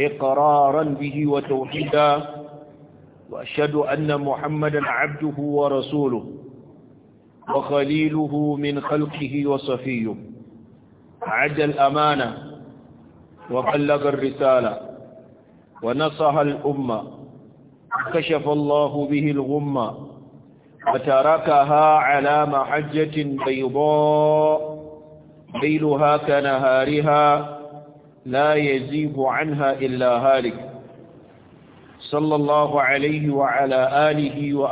إقرارا به وتوحيدا وأشهد أن محمدا عبده ورسوله وخليله من خلقه وصفيه عجل الأمانة وبلغ الرسالة ونصح الأمة كشف الله به الغمة وتركها على محجة بيضاء ليلها كنهارها لا يزيب عنها إلا هالك صلى الله عليه وعلى آله وأصحابه